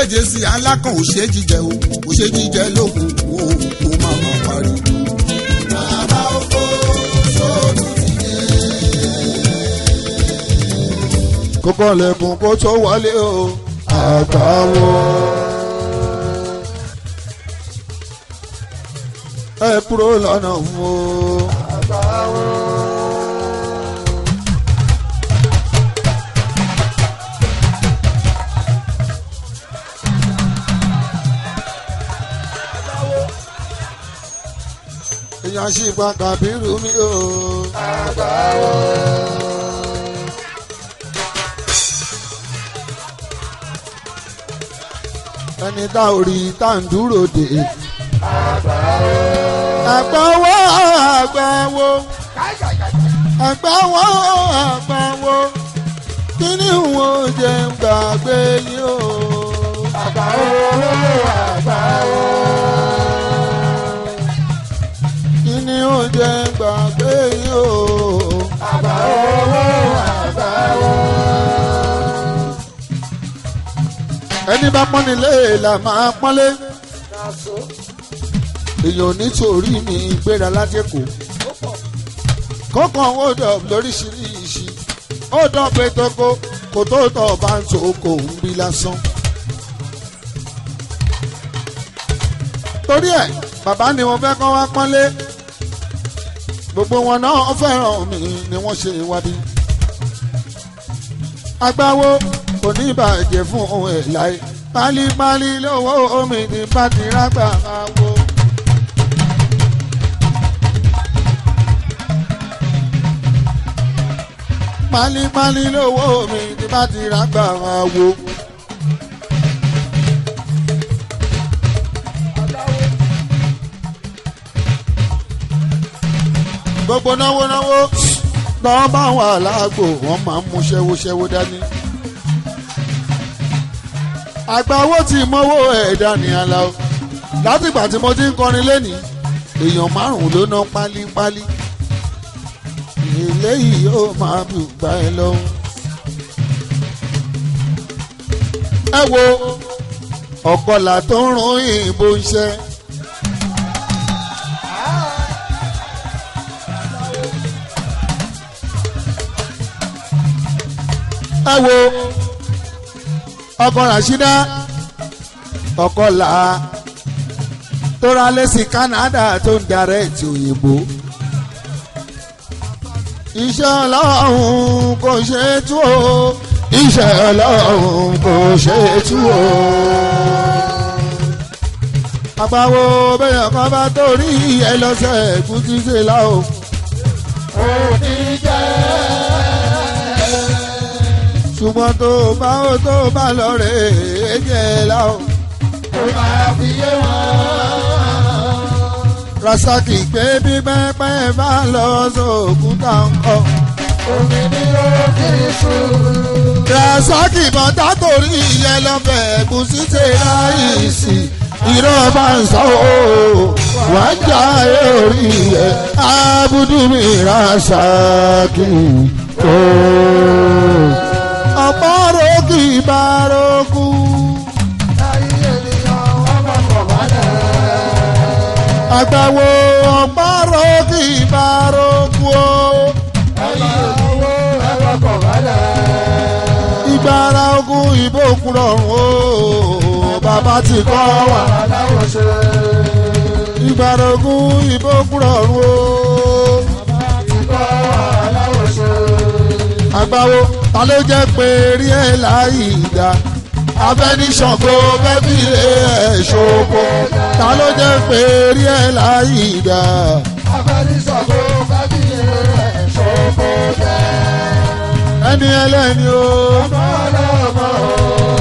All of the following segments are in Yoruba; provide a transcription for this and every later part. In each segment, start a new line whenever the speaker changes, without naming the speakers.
jẹ́jẹ́ sí alákàn ò ṣe jíjẹ o ò ṣe jíjẹ lókun o kò má má parí. bàbá lẹ́kùn kó tó wálé o àgbáwo. ẹ kúrò lọ́nà wo. àgbáwo. àṣìgbà kàbírù mi o. àgbáwo. ẹni tá ò rí tá ń dúró dè. àgbáwo. àgbáwo àgbáwo. àgbáwo àgbáwo. kí ni ìwọ̀n jẹ́ gbàgbé yín o. àgbáwo àgbáwo ó jẹ́ gbàgbé yìí o. àbá ẹni bá pọ́nni lé la máa pọ́nlé. èèyàn nítorí mi gbéra ládẹ́kọ̀ọ́. kọ́kàn ó dọ̀ lóríṣiríṣi ó dọ̀ pé tọ́kọ́ kò tó tọ̀ bá ń tó kò ń bí lásán. torí ẹ̀ bàbá ni mo fẹ́ kọ́ wá pọ́nlé gbogbo wọn náà fẹ́ràn mi ni wọ́n ṣe wábí. agbáwo kò ní bàjẹ́ fún ohun ẹ̀ láì pálípálí lówó omi ní bàtìrágbà máa wo. pálípálí lówó omi ní bàtìrágbà máa wo. gbogbo náwó náwó náà bá wà láàgbò wọ́n máa ń mú ṣẹ́wóṣẹ́wó dání. àgbáwó ti mọ́wó ẹ̀dá ní aláwọ̀ látìgbà tí mo ti ń kọrin lẹ́nìí èèyàn márùn-ún ló ná pálípálí eléyìí yóò máa bù gbá ẹ lọ́wọ́. ẹ wo ọ̀kọ̀là tó ń rún ìbò iṣẹ́. ẹ wo ọkọ Rashida ọkọ là á tó ra Canada tó ń darẹ̀ ètò òyìnbó iṣẹ́ ọlọ́run kò ṣe é tú o iṣẹ́ ọlọ́run kò ṣe tú o. àgbàwo bẹ́ẹ̀ kan bá torí ẹ lọ́sẹ̀ kú ti ṣe láò. òkè jẹ́ ṣùgbọ́n tó bá ó tó bá lọ rè é jẹ́ la o. ó fi yé wọn. rasaki gbé bí pẹ́pẹ́ bá lọ sókúta ńkọ́. omi ni ó fi sùn. rasaki bọ́tà torí ìyẹn lọ́bẹ̀ ẹ̀gúsí ṣe ráìsì irọ́ bá ń sọ ooo wà á jà orí rẹ̀ abudu mi rasaki ooo. àgbàwo ọ̀pọ̀rọ̀ kì í bá roku o. ẹ̀yàwó ẹ̀rọ kọ̀ wálẹ̀. ìgbára ogun ìbò òkun rọrùn o bàbá ti kọ́ wà láwọn ṣe. ìgbára ogun ìbò òkun rọrùn o. bàbá ti kọ́ wà láwọn ta ló jẹ́ pé rí ẹ̀ láì dá afẹniṣọgbó bẹbílẹ ẹ ṣoko ta ló jẹ pé rí ẹ láyé dá. afẹniṣọgbó bẹbílẹ ẹ ṣoko jẹ. ẹni ẹlẹ́ni o. ọmọ ọlọ́mọ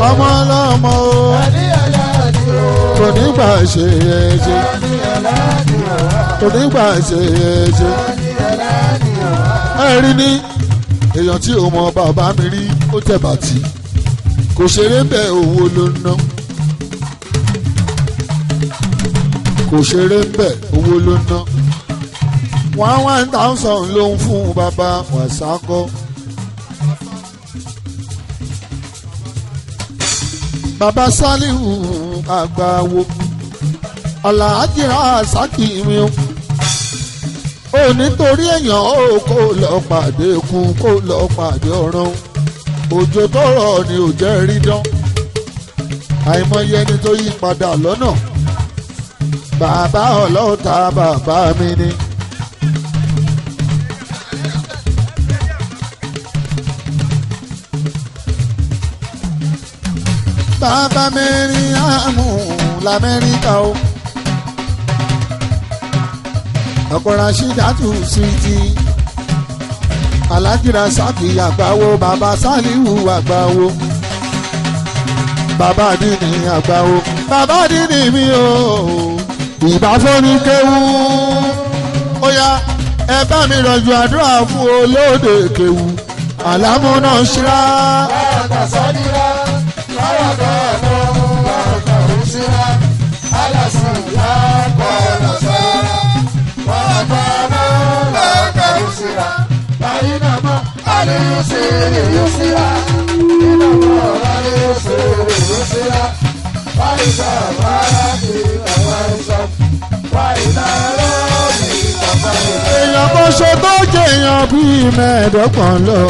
o. ọmọ ọlọ́mọ o. ẹni ẹlẹ́ni o. kò ní gbà ṣe é ṣe. ẹni ẹlẹ́ni o. kò ní gbà ṣe é ṣe. ẹni ẹlẹ́ni o. ẹ rí ni èèyàn tí ò mọ bàbá mi rí ó tẹ̀ bàtì kò ṣeré bẹ́ẹ̀ owó ló ń ná kò ṣeré bẹ́ẹ̀ owó ló ń ná one one thousand ló ń fún bàbá wàsákọ́. bàbá salihu àgbàwo alhaji rasaki mi ò nítorí èèyàn ó kó lọ pàdé kú kó lọ pàdé ọ̀run òjò tó ni ò jẹ́ rí dán àìmọye ẹni tó yí padà lọ́nà bàbá ọlọ́ta bàbá mi ni. bàbá mẹ́rin àmú lamẹ́ríkà o ọkọ̀ rashidatu sí ti alájìrá sákì àgbáwo bàbá sálíwù àgbáwo bàbá dìní àgbáwo bàbá dìní mi o ìbá fóni kéwú ó yá ẹ bá mi rọ̀jò àdúrà fún olóde kéwú àlámúná ṣíra. bàbá sọ́dírà bàbá bàbá bàbá òṣìṣẹ́ alásùn yára. ọ̀làdé yóò ṣe èrè yóò ṣe ra. Ìdàgbọ́ ọ̀làdé yóò ṣe èrè yóò ṣe ra. Fáìsà fara kì í tàwa ẹ̀ṣọ́. Fáìsà lọ́ọ̀dì tàwa Èèyàn kò ṣe tó jẹ èèyàn bíi mẹ́ẹ̀ẹ́dọ́gbọ̀n lọ.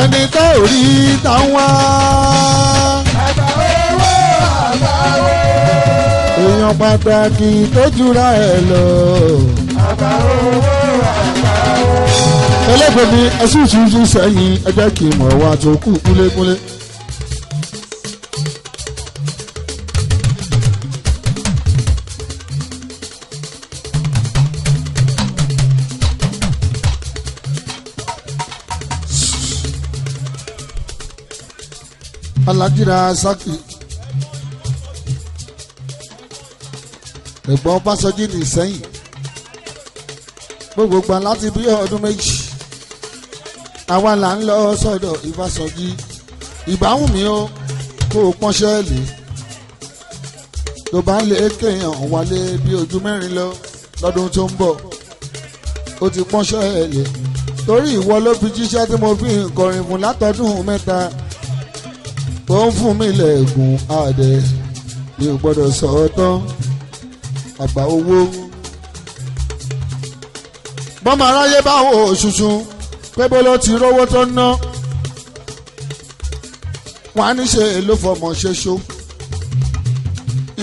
Ẹni tó rí táwọn. èèyàn pàtàkì tó jura ẹ̀ lọ. àbá owó àbá owó. ẹlẹ́gbẹ̀ẹ́ mi ẹ̀sùn ìṣúṣú sẹ́yìn ẹgbẹ́ kì í mọ̀ wá tó kù kúlékúlé. alajira saki ẹ̀gbọ́n Fáṣọjí ní Ìsẹ́yìn gbogbo gbà láti bí ọdún méjì àwa là ń lọ sọ́dọ̀ Ìfáṣọjí ìbáwùn mi ó kó o pọ́n ṣẹ́ẹ̀lì tó bá lè kéèyàn wálé bí ojú mẹ́rin lọ lọ́dún tó ń bọ̀ ó ti pọ́n ṣẹ́ẹ̀lì torí ìwọ ló fi jíṣẹ́ tí mo fi kọrin fún látọdún mẹ́ta tó ń fún mi lẹ́ẹ̀gùn àdẹ mi ò gbọ́dọ̀ sọ ọ́ tán àgbà owó. bọ́mọ aráyé bá hò ṣùṣù pé bó ló ti rówó tó ná wọn á ní ṣe èlò fọmọ ṣoṣo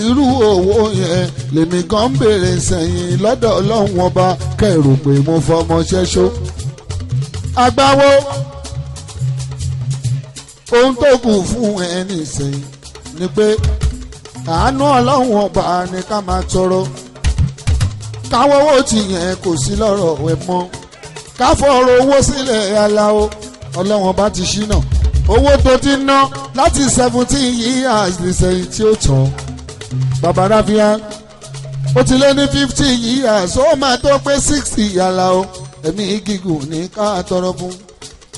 irú owó yẹn lèmi gan ń sẹ́yìn lọ́dọ̀ ọlọ́run ọba kẹrù pé mo fọmọ ṣẹ́ṣó. agbáwo ohun tó kù fún ẹ nìsín ni pé àánú ọlọ́run ọba ni ká máa tọrọ káwọ́ owó tìyẹn kò sí lọ́rọ̀ ẹ̀ mọ́ káfọ́rọ̀ owó sílẹ̀ aláwo ọlọ́run ọba ti ṣínà owó tó ti ná láti seventeen years nìsẹ̀yìn tí ó tán bàbá ráfíà ó ti lé ní fifty years ó máa tó pé sixty aláwo ẹ̀mí gígùn ní ká tọrọ fún un.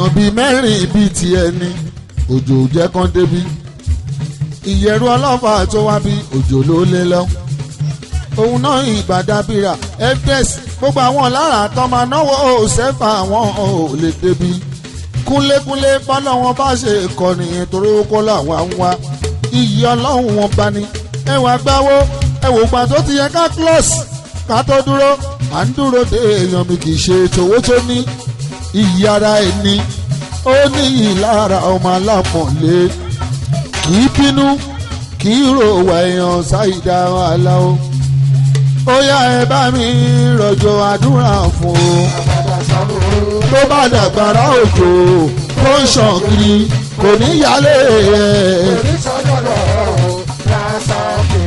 èèyàn bíi mẹ́rin bíi tiẹ̀ ni òjò jẹ́ kán débi ìyẹ̀rú ọlọ́fà tó wá bí òjò ló lé lọ òun náà ìbàdàbíra fds gbogbo àwọn lára tán máa náwó òsèfà àwọn ò lè débi kúnlékúnlé bọ́lá wọn bá ṣe ìkọ̀nì ìtòrò kó làwọn ń wá iyì ọlọ́run wọn bá ní ẹwà gbáwó ẹwò gbà tó ti yẹ ká close ká tó dúró à ń dúró de èèyàn mi kì í ṣe tòwó ní iyì ara ẹni ó ní ìlara ọmọ alápọ̀nlé kì í bínú kì í rò wà èèyàn ṣáìdá wàhálà o ó yá ẹ bá mi rọ̀jò àdúrà fún o tó bá dàgbàrá òjò tó ń ṣàn kiri kò ní yálé ẹ. kò ní sọ́jọ́ lọ́rùn lásán kì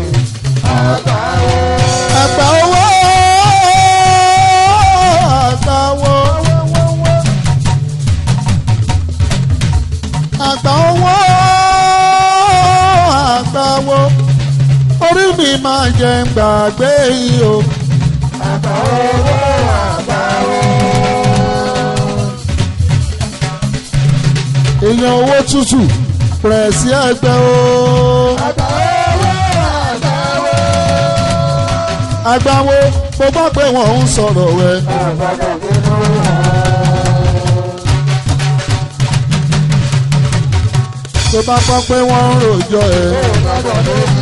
í àgbà mi máa jẹ ń gbàgbé yìí o. Bàbá owó àgbà o. Èèyàn owó tútù pẹ̀rẹ̀ sí ẹgbẹ́ o. Bàbá owó àgbà o. Àgbà wo mo gbọ́ pé wọ́n ń sọ̀rọ̀ rẹ̀. Bàbá kàkẹ́ ló wà. tó bá gbọ́ pé wọ́n ń ròjọ́ ẹ̀.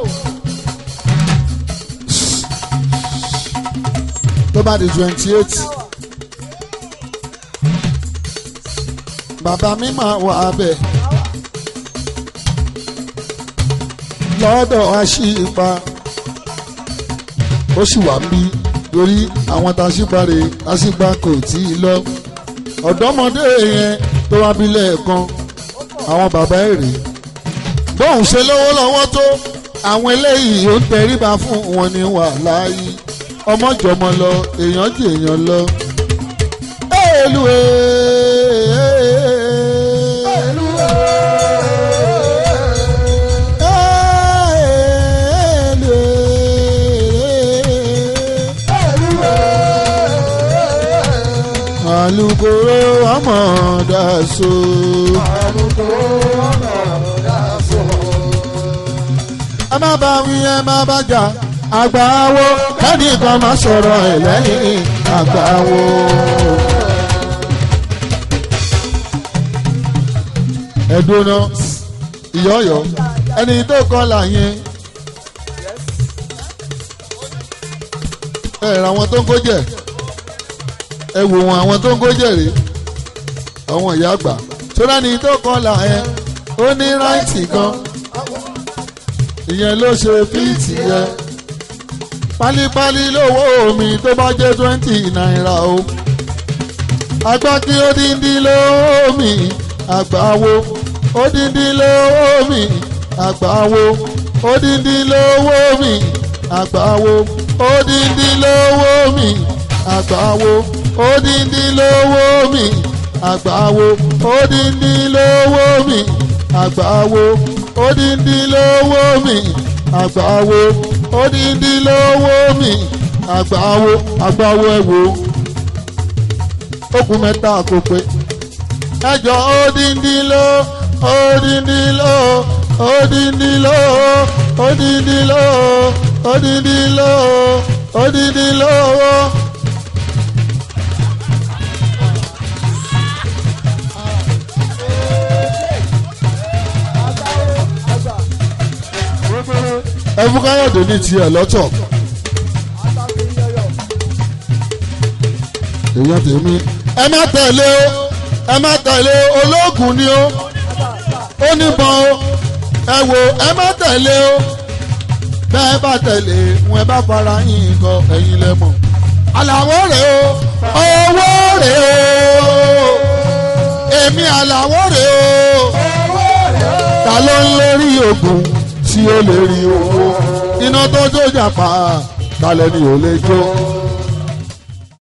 tó bá twenty eight. Baba mi máa wà abẹ lọ́dọ̀ àṣìpa ó sì wà ń bí torí àwọn tàṣípàrè àṣìpa kò tí ì lọ ọ̀dọ́mọdé yẹn tó wá bí lẹ́ẹ̀kan àwọn bàbá èrè bóun ṣe lówó tó àwọn eléyìí ó tẹríba fún wọn ní wàhálà yìí ọmọ jọmọ lọ èèyàn jẹ èèyàn lọ. Èlùwẹ̀ẹ́. alukoro ọmọ daso. alukoro ọmọ daso. ẹ má bá wí ẹ má bá jà àgbáwo kẹ́nìkan máa sọ̀rọ̀ ẹ̀ lẹ́yìn àgbáwo. ẹ̀dùnà ìyọ́yọ́ ẹni tó kọ́là yẹn ẹ ra àwọn tó ń kójẹ ẹ wò wọn àwọn tó ń kójẹ rè àwọn ìyá àgbà sọ́dọ̀ ẹni tó kọ́là yẹn ó ní ráìtì kan ìyẹn ló ṣe fíìtì yẹn pálípálí lówó mi tó bá jẹ́ twenty naira o agbákí odindi lówó mi àgbáwo odindi lówó mi àgbáwo odindi lówó mi àgbáwo odindi lówó mi àgbáwo odindi lówó mi àgbáwo odindi lówó mi àgbáwo odindi lówó mi àgbáwo. odindi lówó mi àgbáwo àgbáwo ẹ̀wò okùn mẹ́ta kò pé ẹjọ́ odindi ló odindi ló odindi ẹ fún káyọ̀dé ní tiẹ̀ lọ́tọ̀. èèyàn tèmi ẹ má tẹ̀lé o ẹ má tẹ̀lé o olóògùn ni o ó níbọn o ẹ wò ẹ má tẹ̀lé o bẹ́ẹ̀ bá tẹ̀lé wọn ẹ bá fara yín nǹkan ẹ̀yin lẹ mọ̀ àlàwọ̀ rẹ̀ o owó rẹ̀ o èmi àlàwọ̀ rẹ̀ o ta ló ń lérí ogun tí ó lè rí owó iná tó jó jàpá talẹ̀ ni ò lè jó.